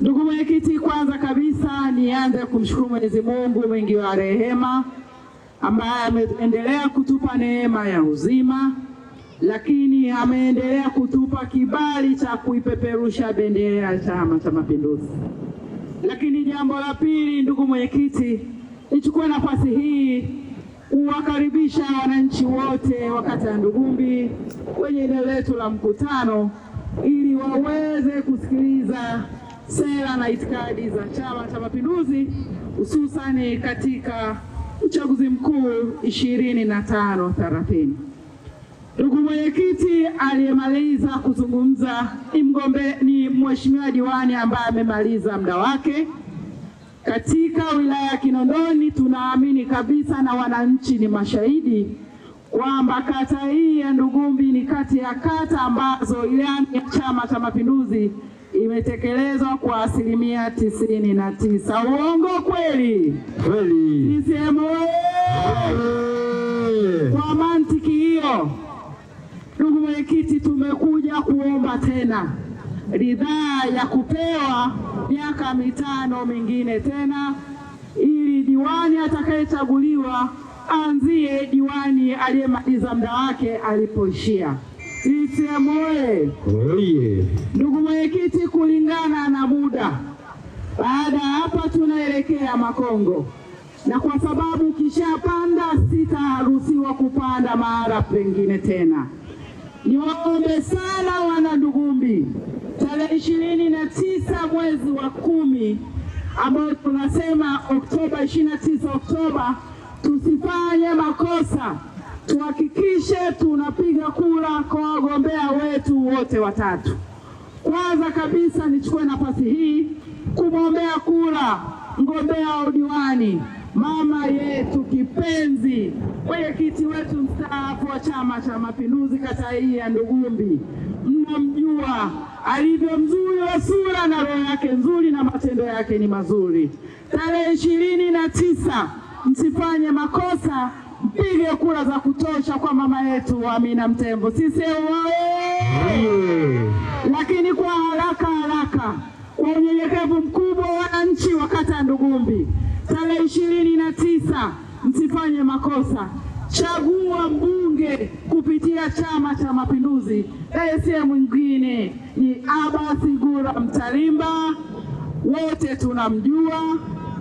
Ndugu mwenyekiti, kwanza kabisa nianze kumshukuru Mwenyezi Mungu mwingi wa rehema ambaye ameendelea kutupa neema ya uzima, lakini ameendelea kutupa kibali cha kuipeperusha bendera ya Chama cha Mapinduzi. Lakini jambo la pili, ndugu mwenyekiti, nichukue nafasi hii kuwakaribisha wananchi wote wa kata ya Ndugumbi kwenye eneo letu la mkutano ili waweze kusikiliza sera na itikadi za Chama cha Mapinduzi hususani katika uchaguzi mkuu ishirini na tano Ndugu mwenyekiti, aliyemaliza kuzungumza ni mgombe ni mheshimiwa diwani ambaye amemaliza muda wake. Katika wilaya ya Kinondoni tunaamini kabisa na wananchi ni mashahidi kwamba kata hii ya Ndugumbi ni kati ya kata ambazo ilani ya Chama cha Mapinduzi imetekelezwa kwa asilimia tisini na tisa. Uongo kweli? Kweli. CCM Kwa mantiki hiyo, ndugu mwenyekiti, tumekuja kuomba tena ridhaa ya kupewa miaka mitano mingine tena, ili diwani atakayechaguliwa anzie diwani aliyemaliza muda wake alipoishia. CCM oye! Oye! Ndugu mwenyekiti, kulingana na muda, baada ya hapa tunaelekea Makongo, na kwa sababu kishapanda sitaruhusiwa kupanda mahala pengine tena. Niwaombe sana wana Ndugumbi, tarehe ishirini na tisa mwezi wa kumi ambayo tunasema Oktoba ishirini na tisa Oktoba, tusifanye makosa tuhakikishe tunapiga kura kwa wagombea wetu wote watatu. Kwanza kabisa nichukue nafasi hii kumwombea kura mgombea wa udiwani mama yetu kipenzi, mwenyekiti wetu mstaafu wa Chama cha Mapinduzi kata hii ya Ndugumbi. Mnamjua alivyo mzuri wa sura na roho yake nzuri na matendo yake ni mazuri. Tarehe ishirini na tisa msifanye makosa pige kura za kutosha kwa mama yetu Amina Mtembo. Sisi wae, lakini kwa haraka haraka, kwa unyenyekevu mkubwa, wananchi wa kata Ndugumbi, tarehe ishirini na tisa msifanye makosa, chagua mbunge kupitia Chama cha Mapinduzi. Asiye mwingine ni Abasi Gura Mtalimba, wote tunamjua,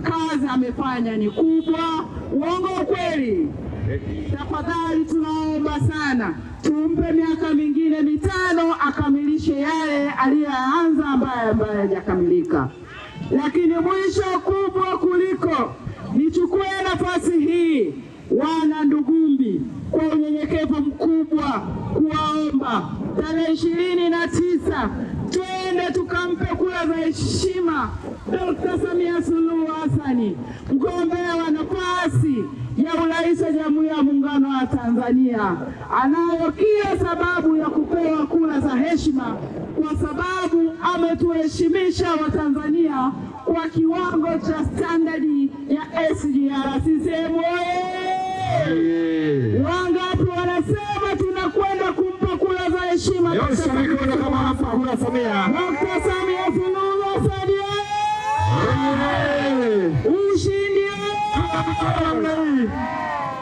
kazi amefanya ni kubwa. Uongo kweli? Tafadhali tunaomba sana tumpe miaka mingine mitano akamilishe yale aliyoanza ambayo ambayo hajakamilika. Lakini mwisho kubwa kuliko, nichukue nafasi hii wana Ndugumbi kwa unyenyekevu mkubwa kuwaomba tarehe ishirini na tisa twende tukampe kura za heshima Dr. Samia Suluhu Hassan mgombea wa nafasi ya urais wa Jamhuri ya Muungano wa Tanzania anayo kila sababu ya kupewa kura za heshima kwa sababu ametuheshimisha Watanzania kwa kiwango cha standardi ya SGR. Sisehemu Wangapi wanasema tunakwenda kumpa kura za heshima Dr. Samia?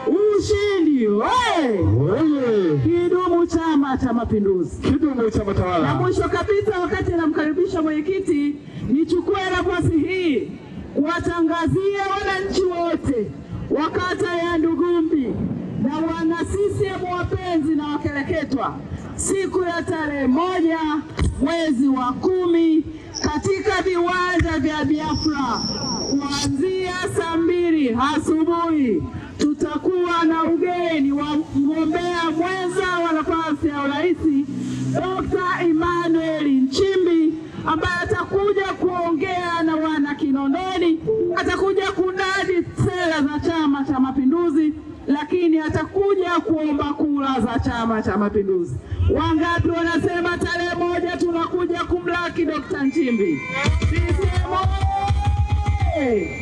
Ushindi Kidumu Chama cha Mapinduzi! Kidumu chama tawala! Na mwisho kabisa, wakati namkaribisha mwenyekiti, nichukue nafasi hii kuwatangazia wananchi wote wa kata ya Ndugumbi na wana CCM wapenzi na wakereketwa, siku ya tarehe moja mwezi wa kumi katika viwanja vya Biafra kuanzia saa mbili asubuhi tutakuwa na ugeni wa mgombea mwenza wa nafasi ya urais Dr. Emmanuel Nchimbi ambaye atakuja kuongea na wana Kinondoni, atakuja kunadi sera za Chama cha Mapinduzi, lakini atakuja kuomba kura za Chama cha Mapinduzi. Wangapi wanasema tarehe moja tunakuja kumlaki Dr. Nchimbi? Hey!